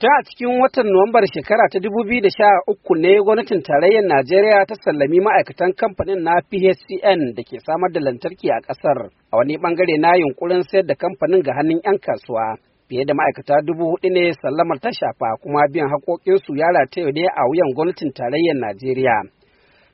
Ta a cikin watan Nuwambar shekara ta 2013 ne gwamnatin tarayyar Najeriya ta sallami ma'aikatan kamfanin na PHCN da ke samar da lantarki a ƙasar a wani bangare na yunkurin sayar da kamfanin ga hannun 'yan kasuwa. Fiye da ma'aikata dubu hudu ne sallamar ta shafa kuma biyan haƙoƙinsu ya rataye ne a wuyan gwamnatin tarayyar Najeriya.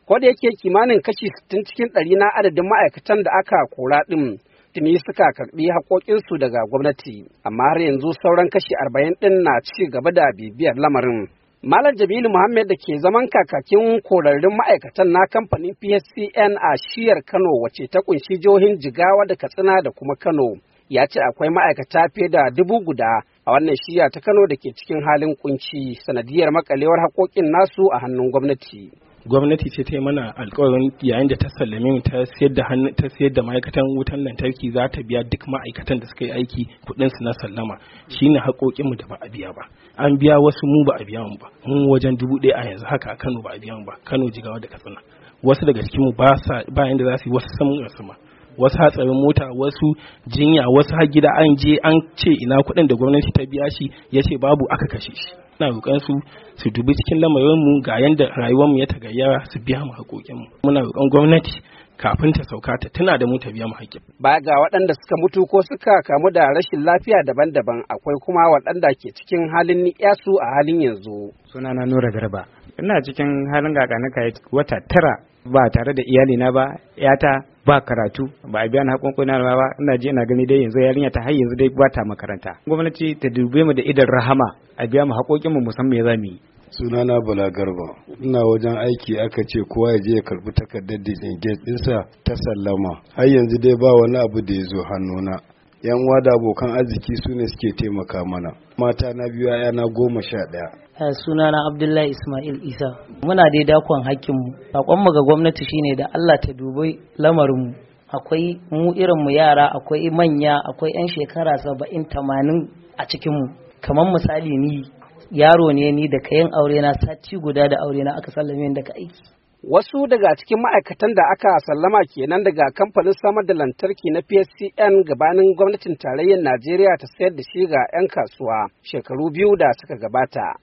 Ko da yake kimanin kashi 60 cikin ɗari na adadin ma'aikatan da aka kora ɗin tuni suka karbi haƙoƙinsu daga gwamnati amma har yanzu sauran kashi arba'in ɗin na ci gaba da bibiyar lamarin malam Jamilu muhammad da ke zaman kakakin korarrun ma'aikatan na kamfanin pscn a shiyar kano wace ta kunshi jihohin jigawa da katsina da kuma kano ya ce akwai ma'aikata fiye da dubu guda a wannan shiya ta kano da ke cikin halin kunci sanadiyar makalewar haƙoƙin nasu a hannun gwamnati gwamnati ce ta yi mana alkawarin yayin da ta sallame mu ta sayar da hannu ta sayar da ma'aikatan wutan lantarki za ta biya duk ma'aikatan da suka yi aiki kuɗin su na sallama shine haƙoƙin mu da ba a biya ba an biya wasu mu ba a biya mu ba mun wajen dubu ɗaya a yanzu haka a Kano ba a biya mu ba Kano Jigawa da Katsina wasu daga cikinmu mu ba sa ba yanda za su yi wasu sun rasu ma wasu hatsarin mota wasu jinya wasu har gida an je an ce ina kuɗin da gwamnati ta biya shi ya ce babu aka kashe shi na roƙon su su dubi cikin lamarin mu ga yanda rayuwar mu ya ta tagayyara su biya mu haƙoƙin mu muna roƙon gwamnati kafin ta sauka ta tana da mu ta biya mu haƙƙin ba ga waɗanda suka mutu ko suka kamu da rashin lafiya daban-daban akwai kuma waɗanda ke cikin halin su a halin yanzu sunana Nura Garba ina cikin halin gaganaka wata tara ba tare da iyalina ba yata ba karatu ba a biya na hakon na ba ina ji ina gani dai yanzu yarinya ta har yanzu dai ba ta makaranta gwamnati ta dube mu da idan rahama a biya mu hakokin mu musamman ya za mu yi sunana bala garba ina wajen aiki aka ce kowa ya je ya karbi takardar da ɗinsa ta sallama har yanzu dai ba wani abu da ya zo hannuna yan uwa da abokan arziki su ne suke taimaka mana mata na biyu yana goma sha ɗaya na abdullahi ismail isa muna dai dakon mu. hakkinmu mu ga gwamnati shine da allah ta dubi mu. akwai mu irinmu yara akwai manya akwai 'yan shekara saba'in tamanin a cikinmu kamar misali ni yaro ne ni da kayan aure na sati guda da aure na aka sallame daga aiki Wasu daga cikin ma'aikatan da aka sallama kenan daga kamfanin samar da lantarki na PSCN gabanin gwamnatin tarayyar Najeriya ta sayar da shi ga 'yan kasuwa shekaru biyu da suka gabata.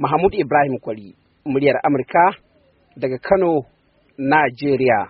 Mahmud Ibrahim Kwari, muryar Amurka daga Kano, Najeriya.